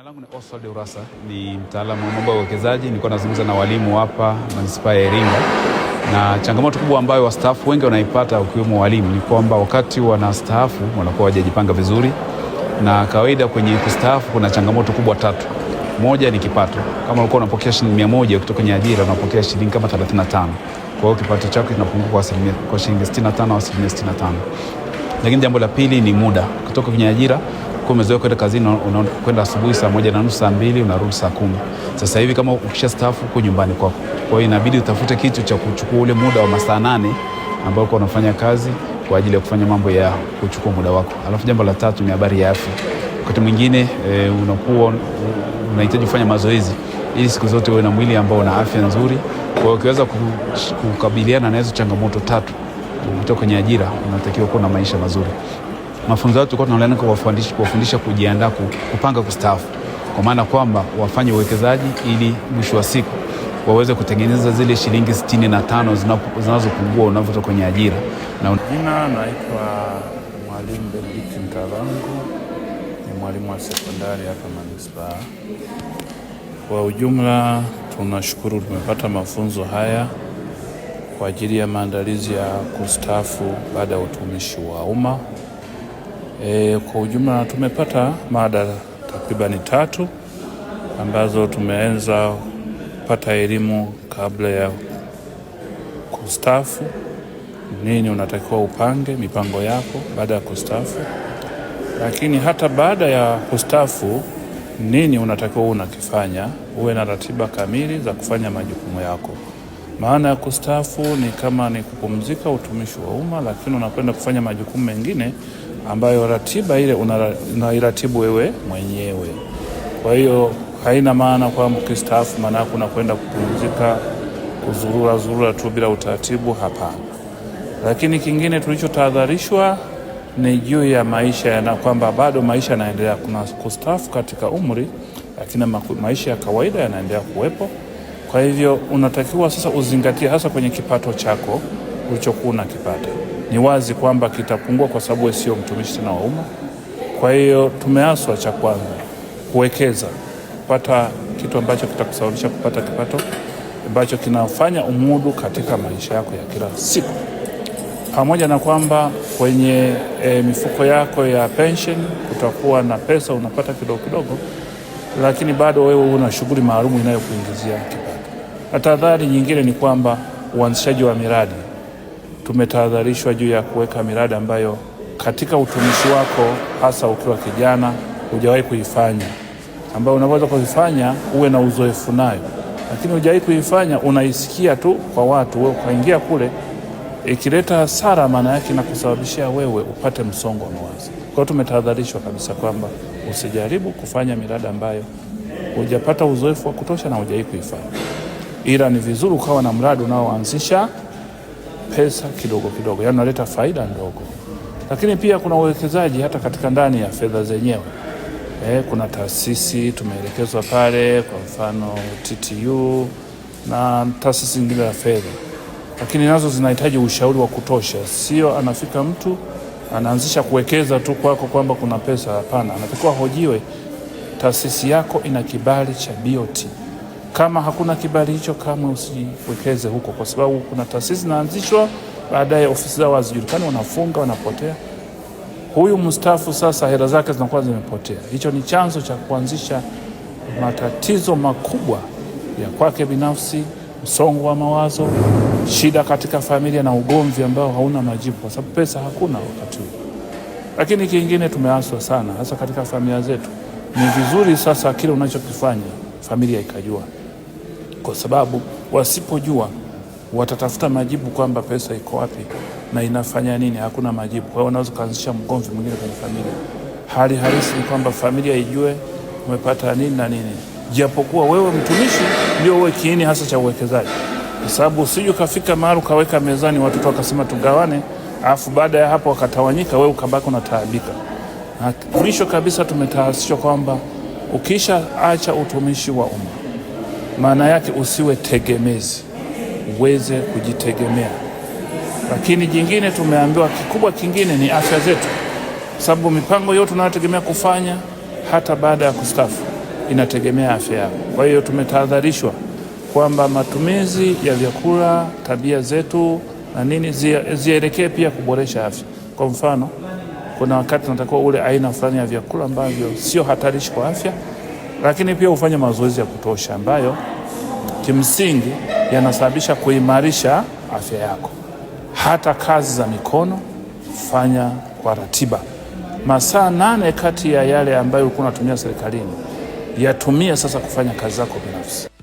Jina langu ni Oswald Urasa, ni mtaalamu wa mambo ya uwekezaji. Nilikuwa nazungumza na walimu hapa manispaa ya Iringa, na changamoto kubwa ambayo wastaafu wengi wanaipata ukiwemo walimu ni kwamba wakati wanastaafu wanakuwa wajajipanga vizuri, na kawaida kwenye kustaafu kuna changamoto kubwa tatu. Moja ni kipato. Kama ulikuwa unapokea shilingi 100 kutoka kwenye ajira, unapokea shilingi kama 35, kwa hiyo kipato chako kinapungua kwa asilimia kwa shilingi 65 au asilimia 65. Lakini jambo la pili ni muda kutoka kwenye ajira ulikuwa umezoea kwenda kazini, unakwenda asubuhi saa moja na nusu, saa mbili unarudi saa kumi. Sasa hivi kama ukisha staafu huko nyumbani kwako, kwa hiyo inabidi utafute kitu cha kuchukua ule muda wa masaa nane ambao ulikuwa unafanya kazi kwa ajili ya kufanya mambo ya kuchukua muda wako. Alafu jambo la tatu ni habari ya afya. Wakati mwingine e, unakuwa unahitaji kufanya mazoezi ili siku zote uwe na mwili ambao una afya nzuri. Kwa hiyo ukiweza kukabiliana na hizo changamoto tatu kutoka kwenye ajira, unatakiwa kuwa na maisha mazuri mafunzo yao tulikuwa tunalenga kuwafundisha kuwafundisha kujiandaa kupanga kustaafu, kwa maana kwamba wafanye uwekezaji ili mwisho wa siku waweze kutengeneza zile shilingi sitini na tano zinazopungua unavyotoka kwenye ajira. Na jina naitwa Mwalimu Benedict mtarangu ni mwalimu wa sekondari hapa manispaa. Kwa ujumla, tunashukuru tumepata mafunzo haya kwa ajili ya maandalizi ya kustaafu baada ya utumishi wa umma. E, kwa ujumla tumepata mada takribani tatu ambazo tumeanza kupata elimu kabla ya kustafu nini unatakiwa upange mipango yako baada ya kustafu lakini hata baada ya kustafu nini unatakiwa unakifanya, uwe na ratiba kamili za kufanya majukumu yako. Maana ya kustafu ni kama ni kupumzika utumishi wa umma, lakini unakwenda kufanya majukumu mengine ambayo ratiba ile unairatibu wewe mwenyewe. Kwa hiyo haina maana kwamba ukistaafu maana yako unakwenda kupumzika kuzurura zurura tu bila utaratibu, hapana. Lakini kingine tulichotahadharishwa ni juu ya maisha na kwamba bado maisha yanaendelea. Kuna kustaafu katika umri, lakini maisha ya kawaida yanaendelea kuwepo. Kwa hivyo unatakiwa sasa uzingatie hasa kwenye kipato chako ulichokuwa unakipata ni wazi kwamba kitapungua kwa sababu sio mtumishi tena wa umma. Kwa hiyo tumeaswa cha kwanza kuwekeza, kupata kitu ambacho kitakusababisha kupata kipato ambacho kinafanya umudu katika maisha yako ya kila siku, pamoja na kwamba kwenye e, mifuko yako ya pension kutakuwa na pesa unapata kidogo kidogo, lakini bado wewe una shughuli maalum inayokuingizia kipato. Na tahadhari nyingine ni kwamba uanzishaji wa miradi tumetahadharishwa juu ya kuweka miradi ambayo katika utumishi wako hasa ukiwa kijana hujawahi kuifanya, ambayo unaweza kuifanya uwe na uzoefu nayo, lakini hujawahi kuifanya, unaisikia tu kwa watu, wewe ukaingia kule ikileta hasara, maana yake na kusababishia wewe upate msongo wa mawazo. Kwa hiyo tumetahadharishwa kabisa kwamba usijaribu kufanya miradi ambayo hujapata uzoefu wa kutosha na hujawahi kuifanya, ila ni vizuri ukawa na mradi unaoanzisha pesa kidogo kidogo, yani unaleta faida ndogo. Lakini pia kuna uwekezaji hata katika ndani ya fedha zenyewe. Eh, kuna taasisi tumeelekezwa pale, kwa mfano TTU na taasisi nyingine za fedha, lakini nazo zinahitaji ushauri wa kutosha. Sio anafika mtu anaanzisha kuwekeza tu kwako kwamba kuna pesa. Hapana, anatakiwa hojiwe taasisi yako ina kibali cha BOT kama hakuna kibali hicho, kama usiwekeze huko, kwa sababu kuna taasisi zinaanzishwa, baadaye ofisi zao hazijulikani, wanafunga, wanapotea. Huyu mstaafu sasa hela zake zinakuwa zimepotea. Hicho ni chanzo cha kuanzisha matatizo makubwa ya kwake binafsi, msongo wa mawazo, shida katika familia na ugomvi ambao hauna majibu, kwa sababu pesa hakuna wakati huu. Lakini kingine tumeaswa sana, hasa katika familia zetu. Ni vizuri sasa kile unachokifanya familia ikajua kwa sababu wasipojua watatafuta majibu kwamba pesa iko wapi na inafanya nini. Hakuna majibu, kwa hiyo unaweza ukaanzisha mgomvi mwingine kwenye familia. Hali halisi ni kwamba familia ijue umepata nini na nini, japokuwa wewe mtumishi ndio uwe kiini hasa cha uwekezaji, kwa sababu usiju ukafika mahali ukaweka mezani watoto wakasema tugawane, alafu baada ya hapo wakatawanyika, wewe ukabaki unataabika. Mwisho kabisa tumetaasishwa kwamba ukisha acha utumishi wa umma maana yake usiwe tegemezi, uweze kujitegemea. Lakini jingine tumeambiwa, kikubwa kingine ni afya zetu, sababu mipango yote tunayotegemea kufanya hata baada ya kustafu inategemea afya yako. Kwa hiyo tumetahadharishwa kwamba matumizi ya vyakula, tabia zetu na nini zielekee pia kuboresha afya. Kwa mfano, kuna wakati tunatakiwa ule aina fulani ya vyakula ambavyo sio hatarishi kwa afya lakini pia ufanye mazoezi ya kutosha ambayo kimsingi yanasababisha kuimarisha afya yako. Hata kazi za mikono fanya kwa ratiba, masaa nane kati ya yale ambayo ulikuwa unatumia serikalini yatumie sasa kufanya kazi zako binafsi.